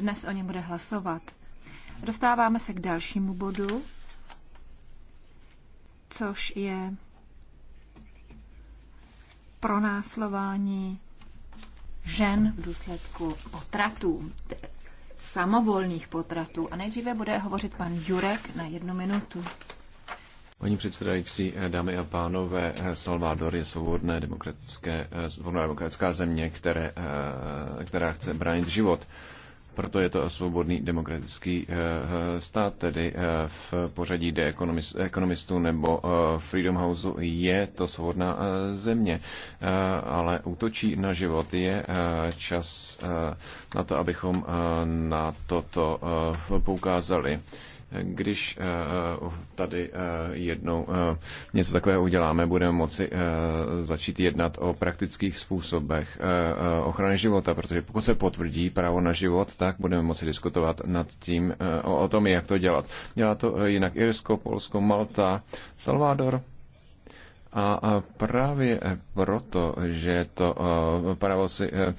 dnes o něm bude hlasovat. Dostáváme se k dalšímu bodu, což je pronáslování žen v důsledku potratů, samovolných potratů. A nejdříve bude hovořit pan Jurek na jednu minutu. Paní předsedající, dámy a pánové, Salvador je svobodné demokratické, svobodná demokratická země, které, eh, která chce bránit život proto je to svobodný demokratický eh, eh, stát, tedy eh, v pořadí de ekonomistů nebo Freedom Houseu je to svobodná země, ale útočí na život. Je čas na to, abychom na toto poukázali když eh, eh, tady eh, jednou něco takového uděláme, budeme moci začít jednat o praktických způsobech ochrany života, protože pokud se potvrdí právo na život, tak budeme moci diskutovat nad tím, o tom, jak to dělat. Dělá to jinak Irsko, Polsko, Malta, Salvador, a právě e, proto, že to e, právo si e,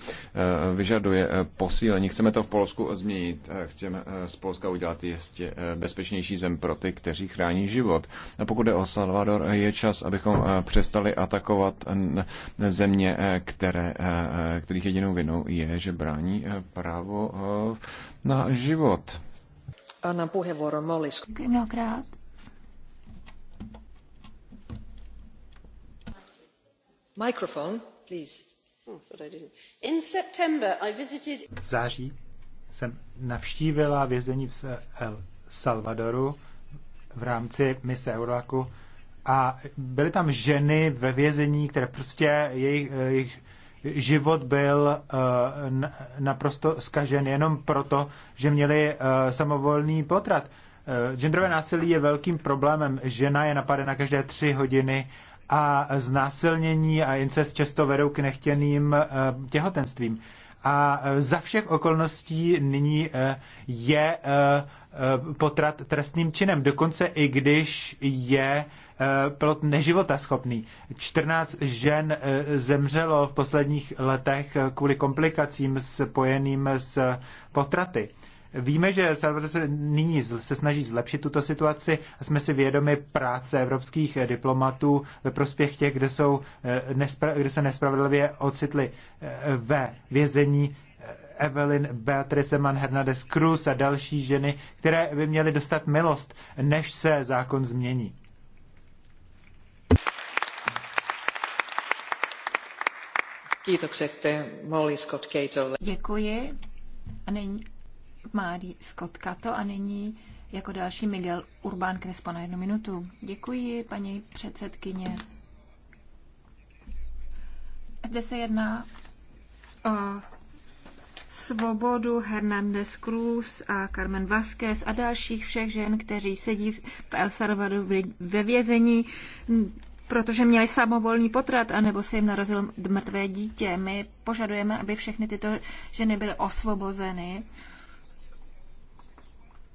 vyžaduje posílení, chceme to v Polsku změnit, chceme z Polska udělat ještě bezpečnější zem pro ty, kteří chrání život. A pokud je o Salvador, je čas, abychom přestali atakovat země, které, kterých jedinou vinou je, že brání právo na život. Anna puheenvuoron Mollis. Mnohokrát. Oh, v září jsem navštívila vězení v El Salvadoru v rámci mise Euroaku a byly tam ženy ve vězení, které prostě jejich, jejich život byl eh, naprosto zkažen jenom proto, že měli eh, samovolný potrat. Eh, genderové násilí je velkým problémem. Žena je napadena každé tři hodiny a znásilnění a incest často vedou k nechtěným eh, těhotenstvím. A eh, za všech okolností nyní eh, je potrat trestným činem, dokonce i když je neživota neživotaschopný. 14 žen zemřelo v posledních letech kvůli komplikacím spojeným s potraty. Víme, že server se nyní se snaží zlepšit tuto situaci a jsme si vědomi práce evropských diplomatů ve prospěch těch, kde, jsou, eh, kde se nespravedlivě ocitli eh, ve vězení. Eh, Evelyn Beatrice Man Hernandez Cruz a další ženy, které by měly dostat milost, než se zákon změní. Děkuji. A nyní Márí Kato a nyní jako další Miguel Urbán Crespo na jednu minutu. Děkuji, paní předsedkyně. Zde se jedná o Svobodu, Hernández Cruz a Carmen Vázquez a dalších všech žen, kteří sedí v El Salvadoru ve vězení, protože měli samovolný potrat, anebo se jim narazilo mrtvé dítě. My požadujeme, aby všechny tyto ženy byly osvobozeny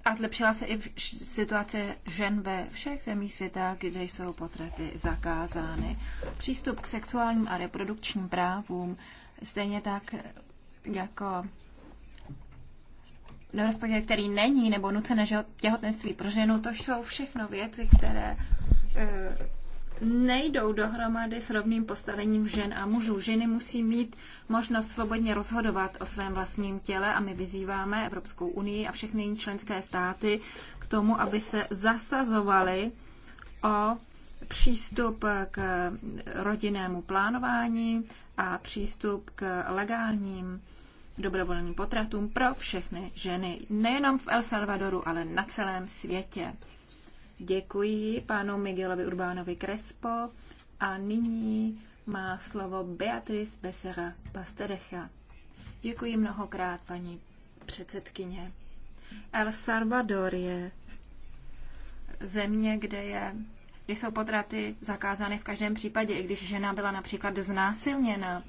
a zlepšila se i situace žen ve všech zemích světa, kde jsou potraty zakázány. Přístup k sexuálním a reprodukčním právům, stejně tak jako respektive který není, nebo nucené těhotenství pro ženu, to jsou všechno věci, které eh, nejdou dohromady s rovným postavením žen a mužů. Ženy musí mít možnost svobodně rozhodovat o svém vlastním těle a my vyzýváme Evropskou unii a všechny jiné členské státy k tomu, aby se zasazovaly o přístup k rodinnému plánování a přístup k legálním dobrovolným potratům pro všechny ženy, nejenom v El Salvadoru, ale na celém světě. Děkuji panu Miguelovi Urbánovi Crespo a nyní má slovo Beatrice Besera Pasterecha. Děkuji mnohokrát, paní předsedkyně. El Salvador je země, kde je kde jsou potraty zakázány v každém případě, i když žena byla například znásilněna.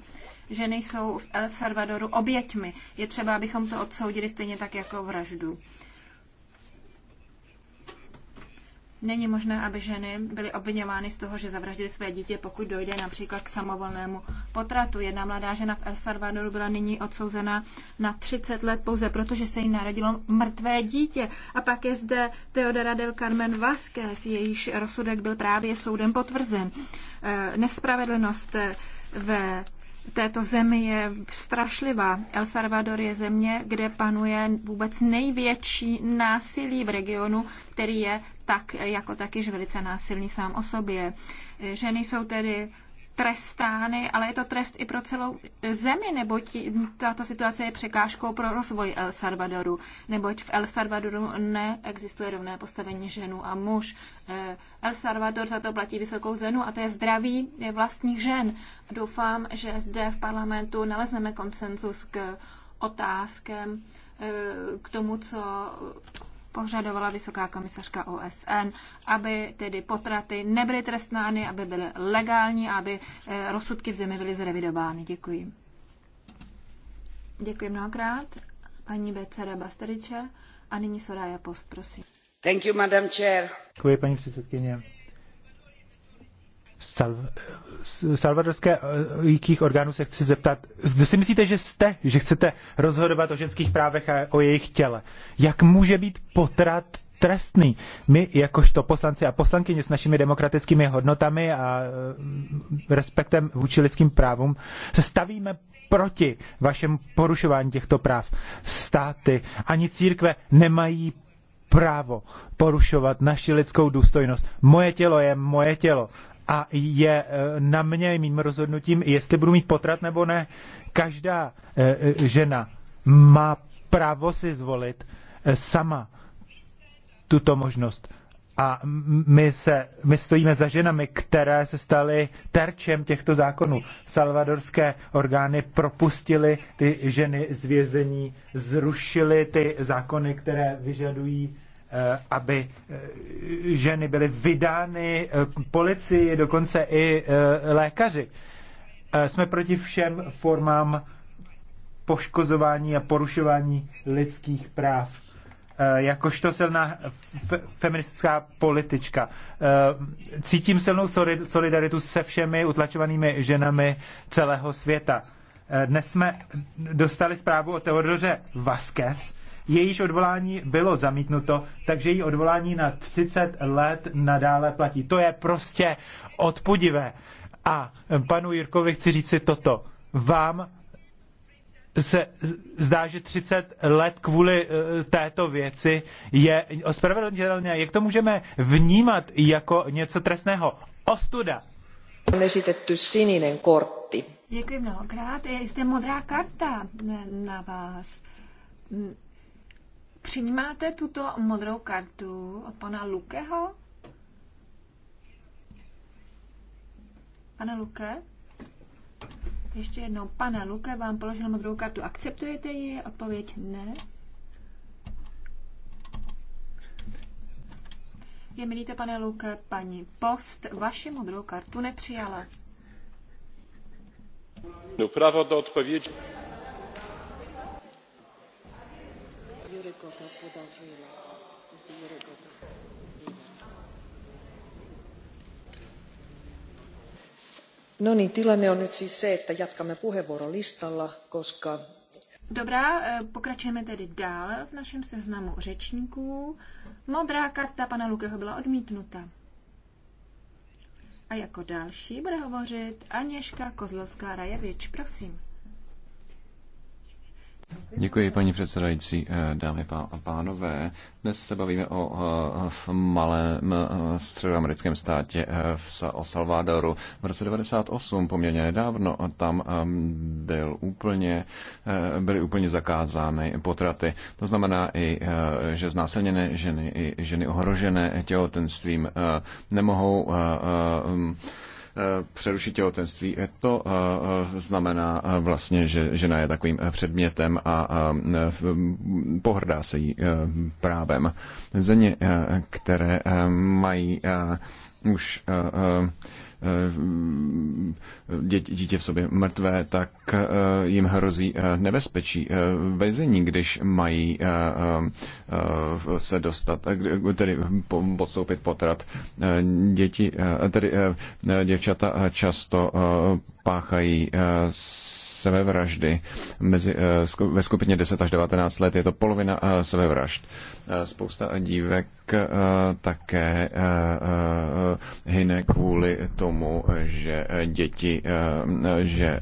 Ženy jsou v El Salvadoru oběťmi. Je třeba, abychom to odsoudili stejně tak jako vraždu. Není možné, aby ženy byly obviněvány z toho, že zavraždily své dítě, pokud dojde například k samovolnému potratu. Jedna mladá žena v El Salvadoru byla nyní odsouzena na 30 let pouze proto, že se jí narodilo mrtvé dítě. A pak je zde Teodora del Carmen Vázquez, jejíž rozsudek byl právě soudem potvrzen. Eh, nespravedlnost eh, ve této zemi je strašlivá. El Salvador je země, kde panuje vůbec největší násilí v regionu, který je tak jako taky již velice násilný sám o sobě. Ženy jsou tedy trestány, ale je to trest i pro celou zemi, neboť tato situace je překážkou pro rozvoj El Salvadoru, neboť v El Salvadoru neexistuje rovné postavení ženu a muž. Eh, El Salvador za to platí vysokou zenu a to je zdraví vlastních žen. Doufám, že zde v parlamentu nalezneme konsenzus k otázkem, eh, k tomu, co požadovala vysoká komisařka OSN, aby tedy potraty nebyly trestnány, aby byly legální aby eh, rozsudky v zemi byly zrevidovány. Děkuji. Děkuji mnohokrát, paní Becera Bastariče. A nyní Soraya Post, prosím. Thank you, madam chair. Děkuji, paní předsedkyně. Eh, jakých orgánů se chci zeptat, kdo si myslíte, že jste, že chcete rozhodovat o ženských právech a o jejich těle? Jak může být potrat trestný. My, jakožto poslanci a poslankyně s našimi demokratickými hodnotami a mm, respektem vůči lidským právům, se stavíme proti vašemu porušování těchto práv. Státy ani církve nemají právo porušovat naši lidskou důstojnost. Moje tělo je moje tělo a je e, na mě mým rozhodnutím, jestli budu mít potrat nebo ne. Každá e, e, žena má právo si zvolit sama tuto možnost. A my, se, my stojíme za ženami, které se staly terčem těchto zákonů. Salvadorské orgány propustily ty ženy z vězení, zrušily ty zákony, které vyžadují Eh, aby eh, ženy byly vydány eh, policii, dokonce i lékaři. Jsme proti všem formám poškozování a porušování lidských práv. Jakožto silná feministická politička. Cítím silnou solidaritu se všemi utlačovanými ženami celého světa. Dnes jsme dostali zprávu o Teodoře Vasquez, jejíž odvolání bylo zamítnuto, takže její odvolání na 30 let nadále platí. To je prostě odpudivé. A panu Jirkovi chci říci toto. Vám se zdá, že 30 let kvůli eh, této věci je ospravedlnitelné. Jak to můžeme vnímat jako něco trestného? Ostuda. On esitetty sininen kortti. Děkuji mnohokrát. Je zde modrá karta na vás. Přijímáte tuto modrou kartu od pana Lukeho? Pane Luke? Ještě jednou, pane Luke, vám položil modrou kartu. Akceptujete ji? Odpověď ne. Je milíte, pane Luke, paní Post vaši modrou kartu nepřijala. No, právo do odpovědi. No niin, tilanne on nyt siis se, että jatkamme puheenvuorolistalla, koska... Dobrá, e, pokračujeme tedy dále v našem seznamu řečníků. Modrá karta pana Lukeho byla odmítnuta. A jako další bude hovořit Aněška Kozlovská-Rajevič, prosím. Děkuji, paní předsedající, eh, dámy a pánové. Dnes se bavíme o eh, v malém eh, středoamerickém státě o Salvadoru. V roce 98, poměrně nedávno, tam ehm, byl úplně, byly úplně zakázány potraty. To znamená i, že znásilněné ženy, i ženy ohrožené těhotenstvím nemohou přerušit těhotenství, to eh, eh, znamená eh, vlastně, že žena je takovým předmětem a pohrdá se jí právem. Země, které mají už eh, eh, eh, dítě v sobě mrtvé, tak jim hrozí nebezpečí vezení, když mají se dostat, tedy podstoupit potrat. Děti, tedy děvčata často páchají s sebevraždy. Mezi, eh, ve skupině 10 až 19 let je to polovina eh, sebevražd. Eh, spousta dívek také hyne kvůli tomu, že děti že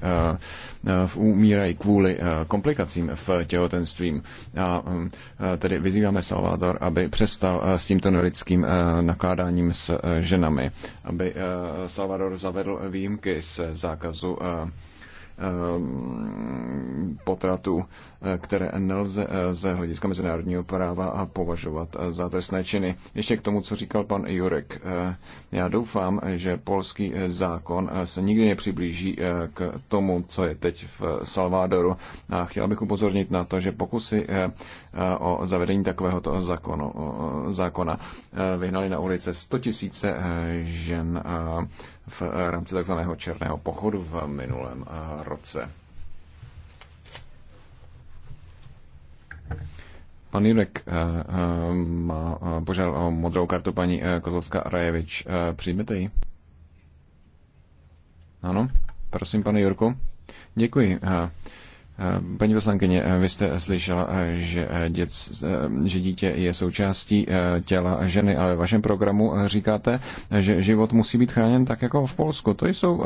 umírají kvůli komplikacím v těhotenstvím. A tedy vyzýváme Salvador, aby přestal s tímto nelidským nakládáním s ženami, aby Salvador zavedl výjimky z zákazu Ehm, potratů které nelze eh, z hlediska mezinárodního práva a považovat eh, za trestné činy. Ještě k tomu, co říkal pan Jurek. Eh, já doufám, že polský zákon se nikdy nepřiblíží k tomu, co je teď v Salvadoru. A chtěl bych upozornit na to, že pokusy o zavedení toho zákonu, zákona vyhnali na ulice 100 tisíce žen v rámci takzvaného černého pochodu v minulém roce. Pan Jurek eh, eh, má eh, požádal o modrou kartu paní Kozlovská Rajevič. Přijmete ji? Ano, prosím, pane Jurku. Děkuji. Eh, paní poslankyně, eh, vy jste slyšela, eh, že, děc, že dítě je součástí těla ženy, ale ve vašem programu říkáte, že život musí být chráněn tak jako v Polsku. To jsou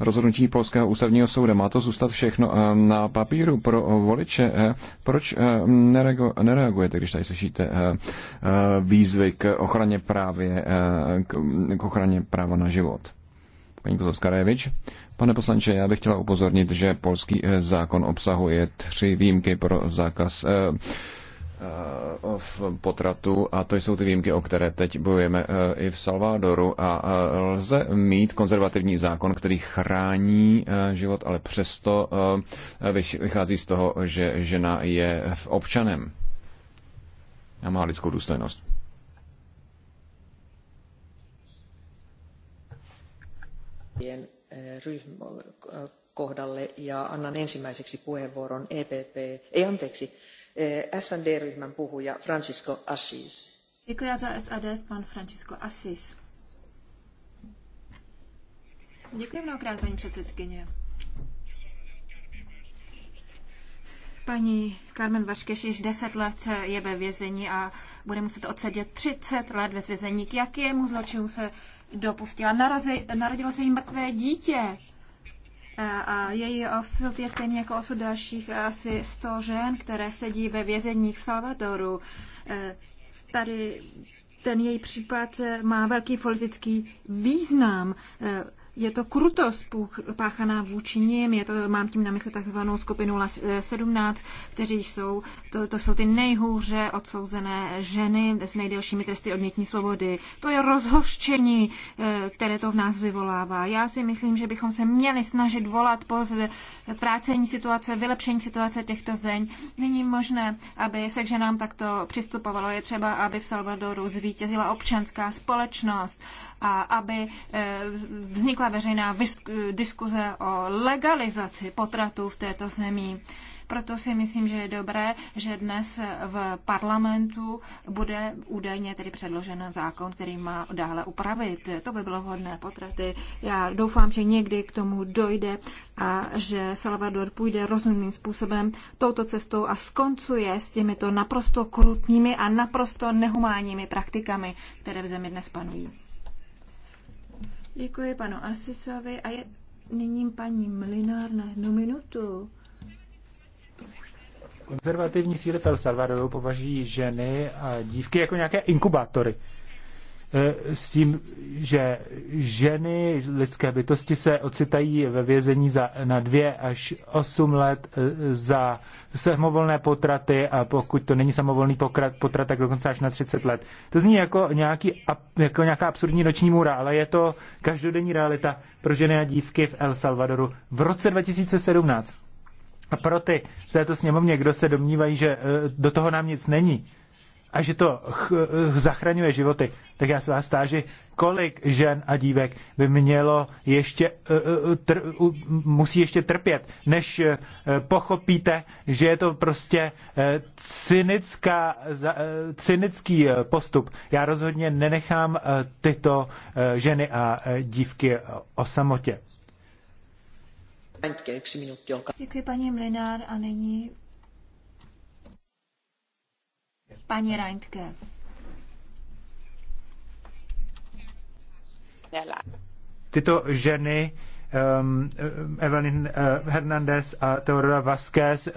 rozhodnutí Polského ústavního soudu. Má to zůstat všechno na papíru pro voliče. Proč nereagujete, když tady slyšíte výzvy k ochraně, právě, k ochraně práva na život? Paní kozovská révič Pane poslanče, já bych chtěla upozornit, že polský eh, zákon obsahuje tři výjimky pro zákaz eh, eh, v potratu a to jsou ty výjimky, o které teď bojujeme i v Salvadoru a lze mít konzervativní zákon, který chrání život, ale přesto vychází z toho, že žena je občanem a má lidskou důstojnost. Bien kohdalle ja annan ensimmäiseksi puheenvuoron EPP, ei anteeksi, eh, SND-ryhmän puhuja Francisco Assis. Děkuji za SAD, pan Francisco Assis. Děkuji mnohokrát, paní předsedkyně. Paní Carmen Vaškeš již 10 let je ve vězení a bude muset odsedět 30 let ve vězení. K jakému zločinu se dopustila. Narazi, narodilo se jí mrtvé dítě e, a její osud je stejný jako osud dalších asi 100 žen, které sedí ve vězeních v Salvadoru. E, tady ten její případ má velký politický význam. E, je to krutost páchaná vůči ním, je to, mám tím na mysli takzvanou skupinu 17, eh, kteří jsou, to, to jsou ty nejhůře odsouzené ženy s nejdelšími tresty odnětní svobody. To je rozhoštění, eh, které to v nás vyvolává. Já si myslím, že bychom se měli snažit volat po zvrácení situace, vylepšení situace těchto zeň. Není možné, aby se k ženám takto přistupovalo. Je třeba, aby v Salvadoru zvítězila občanská společnost, a aby eh, vznikla veřejná diskuze o legalizaci potratů v této zemi. Proto si myslím, že je dobré, že dnes v parlamentu bude údajně tedy předložen zákon, který má dále upravit. To by bylo vhodné potraty. Já doufám, že někdy k tomu dojde a že Salvador půjde rozumným způsobem touto cestou a skoncuje s těmito naprosto krutními a naprosto nehumánními praktikami, které v zemi dnes panují. Děkuji panu Asisovi a je nyní paní Mlinár na jednu minutu. Konzervativní síly v El Salvadoru považují ženy a dívky jako nějaké inkubátory. E, s tím, že ženy, lidské bytosti se ocitají ve vězení za, na dvě až osm let e, za samovolné potraty a pokud to není samovolný pokrat, potrat, tak dokonce až na 30 let. To zní jako, nějaký, jako nějaká absurdní noční můra, ale je to každodenní realita pro ženy a dívky v El Salvadoru v roce 2017. A pro ty v této sněmovně, kdo se domnívají, že e, do toho nám nic není, a že to zachraňuje životy, tak já se vás táži, kolik žen a dívek by mělo ještě, uh, musí ještě trpět, než e, pochopíte, že je to prostě cynická, cynický postup. Já rozhodně nenechám tyto ženy a dívky o samotě. Děkuji paní Mlinár a nyní Paní Reintke. Tyto ženy um, Evelyn uh, Hernandez a Teodora Vasquez, uh,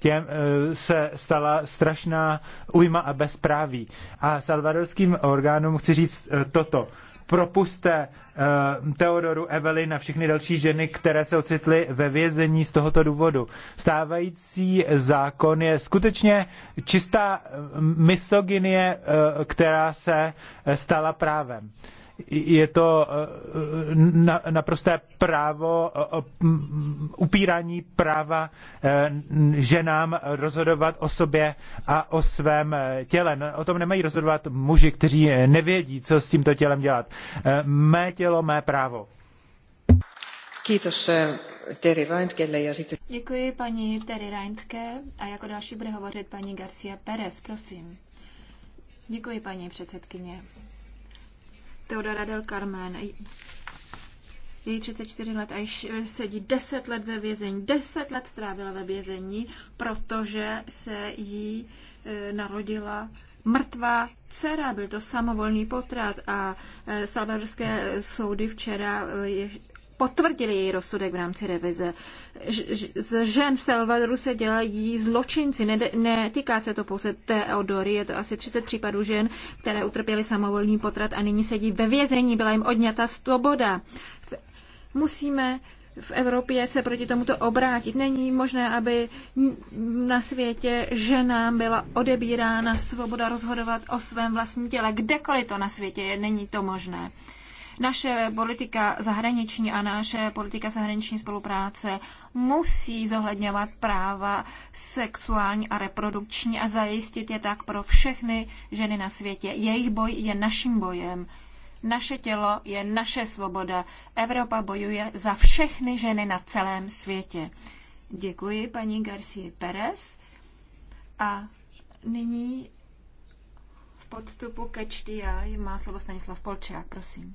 těm uh, se stala strašná ujma a bezpráví. A salvadorským orgánům chci říct uh, toto propuste eh, Teodoru Evelyn a všechny další ženy, které se ocitly ve vězení z tohoto důvodu. Stávající zákon je skutečně čistá eh, misogynie, eh, která se stala právem je to eh, eh, naprosté právo eh, upírání práva ženám rozhodovat o sobě a o svém těle. No, o tom nemají rozhodovat muži, kteří nevědí, co s tímto tělem dělat. Mé tělo, mé právo. Děkuji paní Terry Reintke a jako další bude hovořit paní Garcia Perez, prosím. Děkuji paní předsedkyně. Teodora del Carmen. Její 34 let a již sedí 10 let ve vězení. 10 let strávila ve vězení, protože se jí e, narodila mrtvá dcera. Byl to samovolný potrat a e, salvadorské e, soudy včera potvrdili její rozsudek v rámci revize. Z žen v Salvadoru se dělají zločinci. Netýká se to pouze Teodory, je to asi 30 případů žen, které utrpěly samovolný potrat a nyní sedí ve vězení. Byla jim odňata svoboda. Musíme v Evropě se proti tomuto obrátit. Není možné, aby na světě ženám byla odebírána svoboda rozhodovat o svém vlastním těle. Kdekoliv to na světě je, není to možné. Naše politika zahraniční a naše politika zahraniční spolupráce musí zohledňovat práva sexuální a reprodukční a zajistit je tak pro všechny ženy na světě. Jejich boj je naším bojem. Naše tělo je naše svoboda. Evropa bojuje za všechny ženy na celém světě. Děkuji paní Garcia Perez. A nyní v podstupu ke čtyři má slovo Stanislav Polčák, prosím.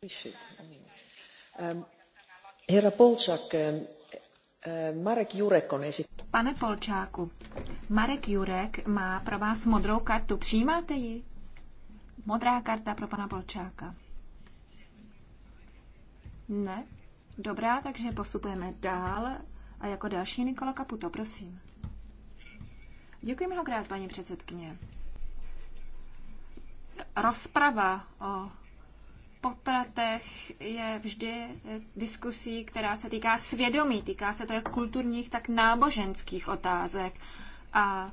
Um, um, uh, Pane Polčáku, Marek Jurek má pro vás modrou kartu. Přijímáte ji? Modrá karta pro pana Polčáka. Ne? Dobrá, takže postupujeme dál. A jako další Nikola Kaputo, prosím. Děkuji mnohokrát, paní předsedkyně. Rozprava o potratech je vždy eh, diskusí, která se týká svědomí, týká se to jak kulturních, tak náboženských otázek. A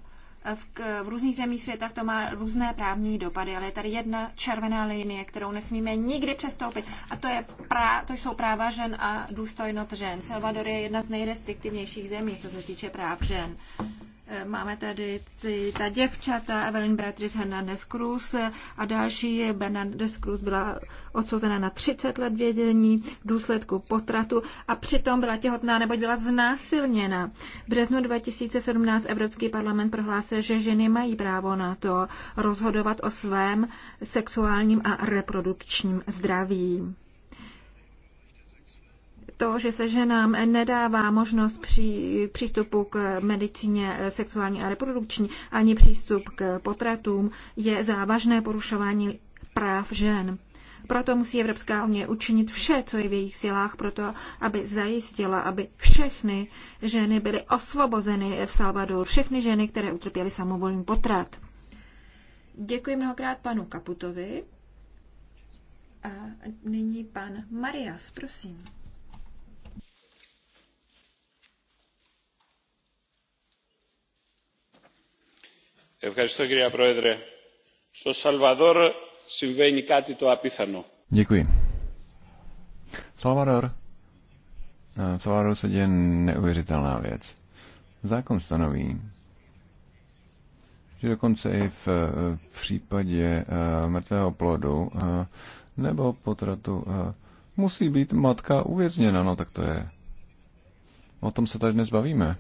v, k, v různých zemích světa to má různé právní dopady, ale je tady jedna červená linie, kterou nesmíme nikdy přestoupit. A to, je pra, to jsou práva žen a důstojnost žen. Salvador je jedna z nejrestriktivnějších zemí, co se týče práv žen. Máme tady ty, ta děvčata Evelyn Beatrice Hernández Cruz a další. Bernardes Cruz byla odsouzena na 30 let vědění v důsledku potratu a přitom byla těhotná, nebo byla znásilněna. V březnu 2017 Evropský parlament prohlásil, že ženy mají právo na to rozhodovat o svém sexuálním a reprodukčním zdraví to, že se ženám nedává možnost při, přístupu k medicíně sexuální a reprodukční ani přístup k potratům, je závažné porušování práv žen. Proto musí Evropská unie učinit vše, co je v jejich silách, proto aby zajistila, aby všechny ženy byly osvobozeny v Salvadoru, všechny ženy, které utrpěly samovolný potrat. Děkuji mnohokrát panu Kaputovi. A nyní pan Marias, prosím. Děkuji. Salvador. V Salvadoru se děje neuvěřitelná věc. Zákon stanoví, že dokonce i v případě e, mrtvého plodu e, nebo potratu e, musí být matka uvězněna. No tak to je. O tom se tady dnes bavíme.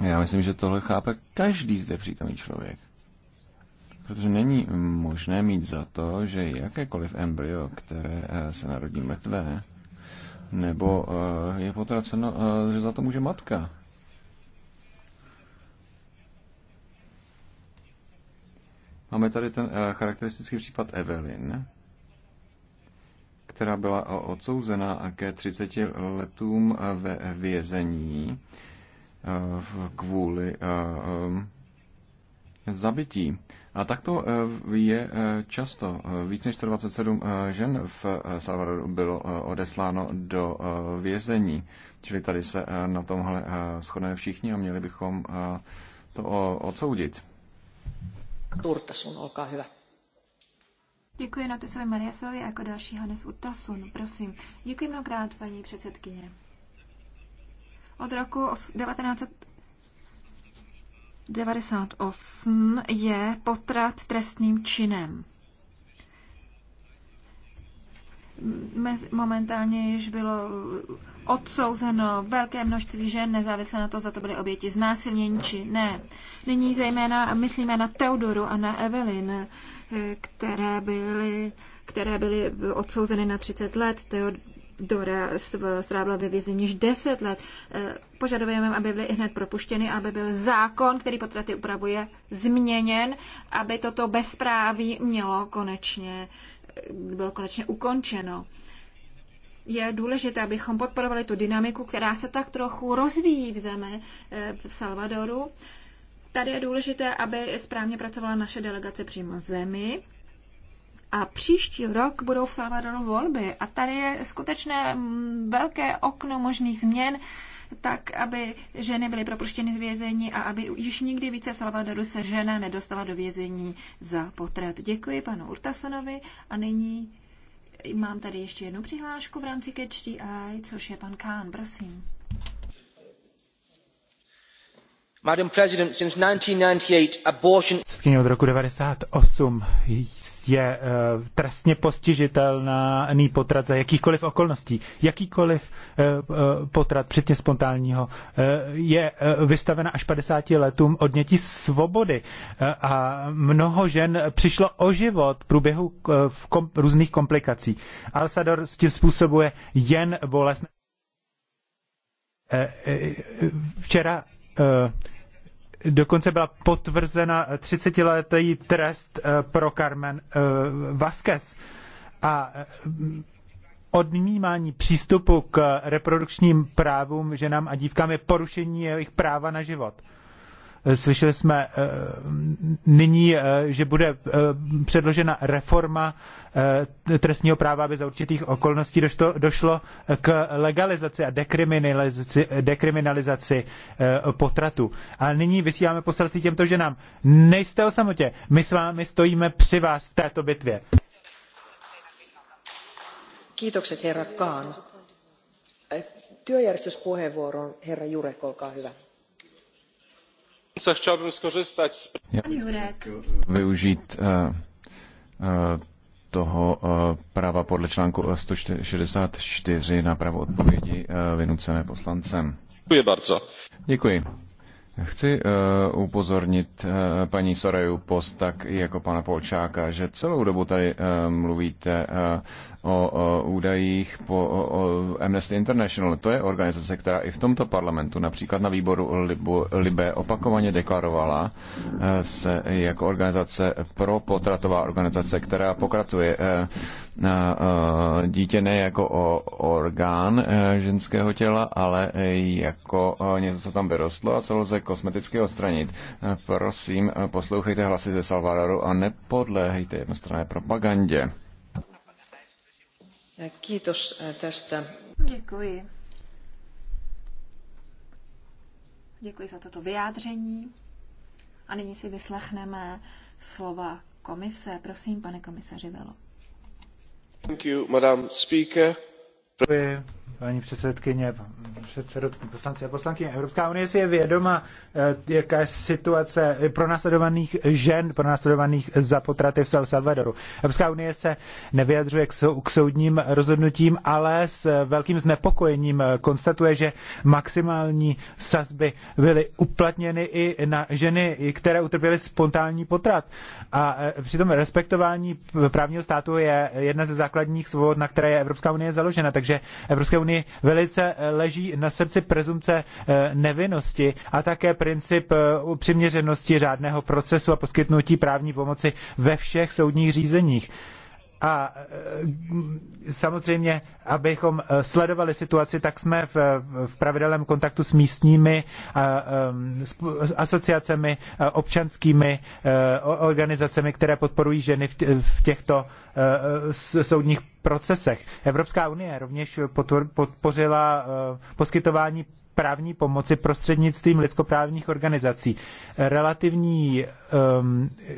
Já myslím, že tohle chápe každý zde přítomný člověk. Protože není možné mít za to, že jakékoliv embryo, které eh, se narodí mrtvé, nebo eh, je potraceno, eh, že za to může matka. Máme tady ten charakteristický případ Evelyn, která byla odsouzena ke 30 letům ve vězení kvůli eh, eh, zabití. A takto eh, je často. Víc než 127 žen v Salvadoru bylo odesláno do vězení. Čili tady se na tomhle shodneme všichni a měli bychom to odsoudit. Turtasun, olkaa hyvä. Děkuji Notisovi Mariasovi jako dalšího Hannes Utasun. Prosím. Děkuji mnohokrát, paní předsedkyně. Od roku 1998 je potrat trestným činem. Momentálně již bylo odsouzeno velké množství žen, nezávisle na to, za to byly oběti znásilnění či ne. Nyní zejména myslíme na Teodoru a na Evelyn, eh, které byly, které byly odsouzeny na 30 let. Teod- strávila ve vězení již 10 let. Eh, požadujeme, aby byly hned propuštěny, aby byl zákon, který potraty upravuje, změněn, aby toto bezpráví mělo konečně, eh, bylo konečně ukončeno je důležité, abychom podporovali tu dynamiku, která se tak trochu rozvíjí v zemi eh, v Salvadoru. Tady je důležité, aby správně pracovala naše delegace přímo v zemi. A příští rok budou v Salvadoru volby. A tady je skutečné mm, velké okno možných změn, tak aby ženy byly propuštěny z vězení a aby již nikdy více v Salvadoru se žena nedostala do vězení za potrat. Děkuji panu Urtasonovi a nyní mám tady ještě jednu přihlášku v rámci Catch DI, což je pan Kán, prosím. Madam President, since 1998 abortion... Od roku 1998 je je eh, trestně postižitelný potrat za jakýchkoliv okolností. Jakýkoliv eh, eh, potrat, předtím spontánního, je vystavena až 50 letům odnětí svobody. A mnoho žen přišlo o život v průběhu kom, různých komplikací. al s tím způsobuje jen bolest. Včera dokonce byla potvrzena 30-letý trest eh, pro Carmen eh, Vasquez. A eh, odnímání přístupu k reprodukčním právům ženám a dívkám je porušení jejich práva na život. Slyšeli jsme eh, nyní, eh, že bude eh, předložena reforma trestního práva, aby za určitých okolností došlo, došlo k legalizaci a dekriminalizaci, dekriminalizaci potratu. A nyní vysíláme poselství těmto ženám. Nejste o samotě, my s vámi stojíme při vás v této bitvě. Kiitokset herra Kaan. Työjärjestyspuheenvuoron herra Jurek, olkaa hyvä Chtěl bych Využít eh, eh, toho eh, práva podle článku 164 na právo odpovědi vynucené poslancem. Děkuji Děkuji. Chci uh, upozornit uh, paní Soraju Post, tak i jako pana Polčáka, že celou dobu tady uh, mluvíte uh, o, o údajích po o, o Amnesty International. To je organizace, která i v tomto parlamentu, například na výboru Libu, Libe, opakovaně deklarovala uh, se jako organizace pro potratová organizace, která pokratuje uh, na uh, dítě ne jako o orgán uh, ženského těla, ale jako uh, něco, co tam vyrostlo a co lze kosmeticky odstranit. Eh, prosím, eh, poslouchejte hlasy ze Salvadoru a nepodléhejte jednostranné propagandě. Eh, Kiitos testa. Děkuji. Děkuji za toto vyjádření. A nyní si vyslechneme slova komise. Prosím, pane komisaři Velo. Děkuji, paní předsedkyně, předsedo, poslanci a poslankyně. Evropská unie si je vědoma, eh, jaká je situace pronásledovaných žen, pronásledovaných za potraty v El Salvadoru. Evropská unie se nevyjadřuje k soudním rozhodnutím, ale s velkým znepokojením konstatuje, že maximální sazby byly uplatněny i na ženy, které utrpěly spontánní potrat. A eh, přitom respektování právního státu je jedna ze základních svobod, na které je Evropská unie založena. Takže Evropské unii velice leží na srdci prezumce eh, nevinnosti a také princip eh, přiměřenosti řádného procesu a poskytnutí právní pomoci ve všech soudních řízeních. A e, samozřejmě, abychom e, sledovali situaci, tak jsme v, v pravidelném kontaktu s místními e, asociacemi, občanskými organizacemi, které podporují ženy v těchto soudních procesech. Evropská unie rovněž podpořila poskytování právní pomoci prostřednictvím lidskoprávních organizací. Relativní um, uh,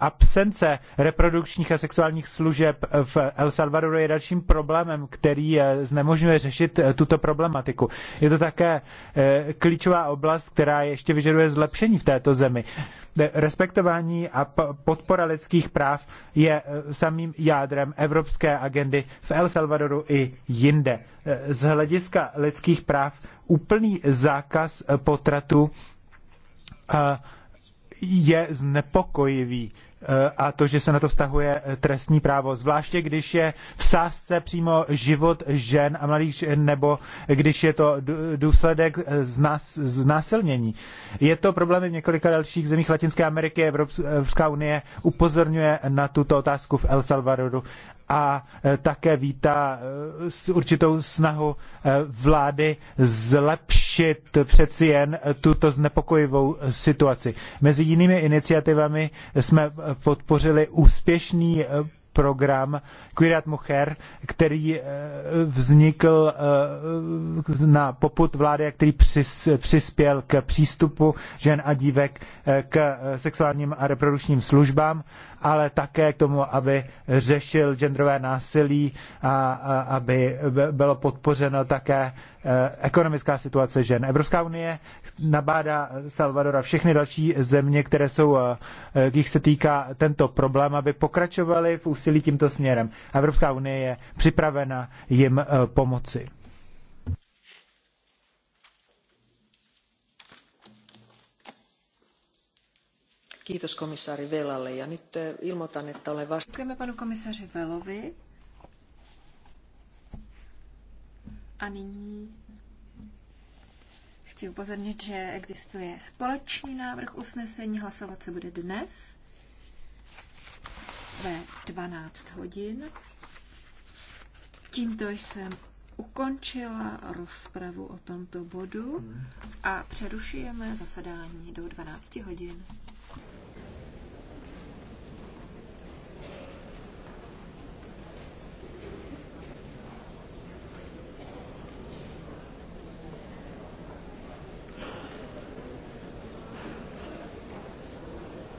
absence reprodukčních a sexuálních služeb v El Salvadoru je dalším problémem, který eh, znemožňuje řešit eh, tuto problematiku. Je to také eh, klíčová oblast, která ještě vyžaduje zlepšení v této zemi. Respektování a podpora lidských práv je samým jádrem evropské agendy v El Salvadoru i jinde z hlediska lidských práv úplný zákaz potratu eh, je znepokojivý. Eh, a to, že se na to vztahuje eh, trestní právo, zvláště když je v sázce přímo život žen a mladých žen, nebo když je to důsledek eh, znásilnění. Je to problém v několika dalších zemích Latinské Ameriky, Evropská unie upozorňuje na tuto otázku v El Salvadoru a také vítá určitou snahu vlády zlepšit řešit přeci jen tuto znepokojivou situaci. Mezi jinými iniciativami jsme podpořili úspěšný eh, program Quirat Mocher, který eh, vznikl eh, na poput vlády, který přispěl k přístupu žen a dívek k sexuálním a reprodukčním službám ale také k tomu, aby řešil genderové násilí a, a aby bylo podpořeno také eh, ekonomická situace žen. Evropská unie nabádá Salvadora všechny další země, které jsou, jich eh, se týká tento problém, aby pokračovali v úsilí tímto směrem. Evropská unie je připravena jim eh, pomoci. Kiitos Děkujeme eh, panu komisaři Velovi. A nyní chci upozornit, že existuje společný návrh usnesení. Hlasovat se bude dnes ve 12 hodin. Tímto jsem ukončila rozpravu o tomto bodu a přerušujeme zasedání do 12 hodin.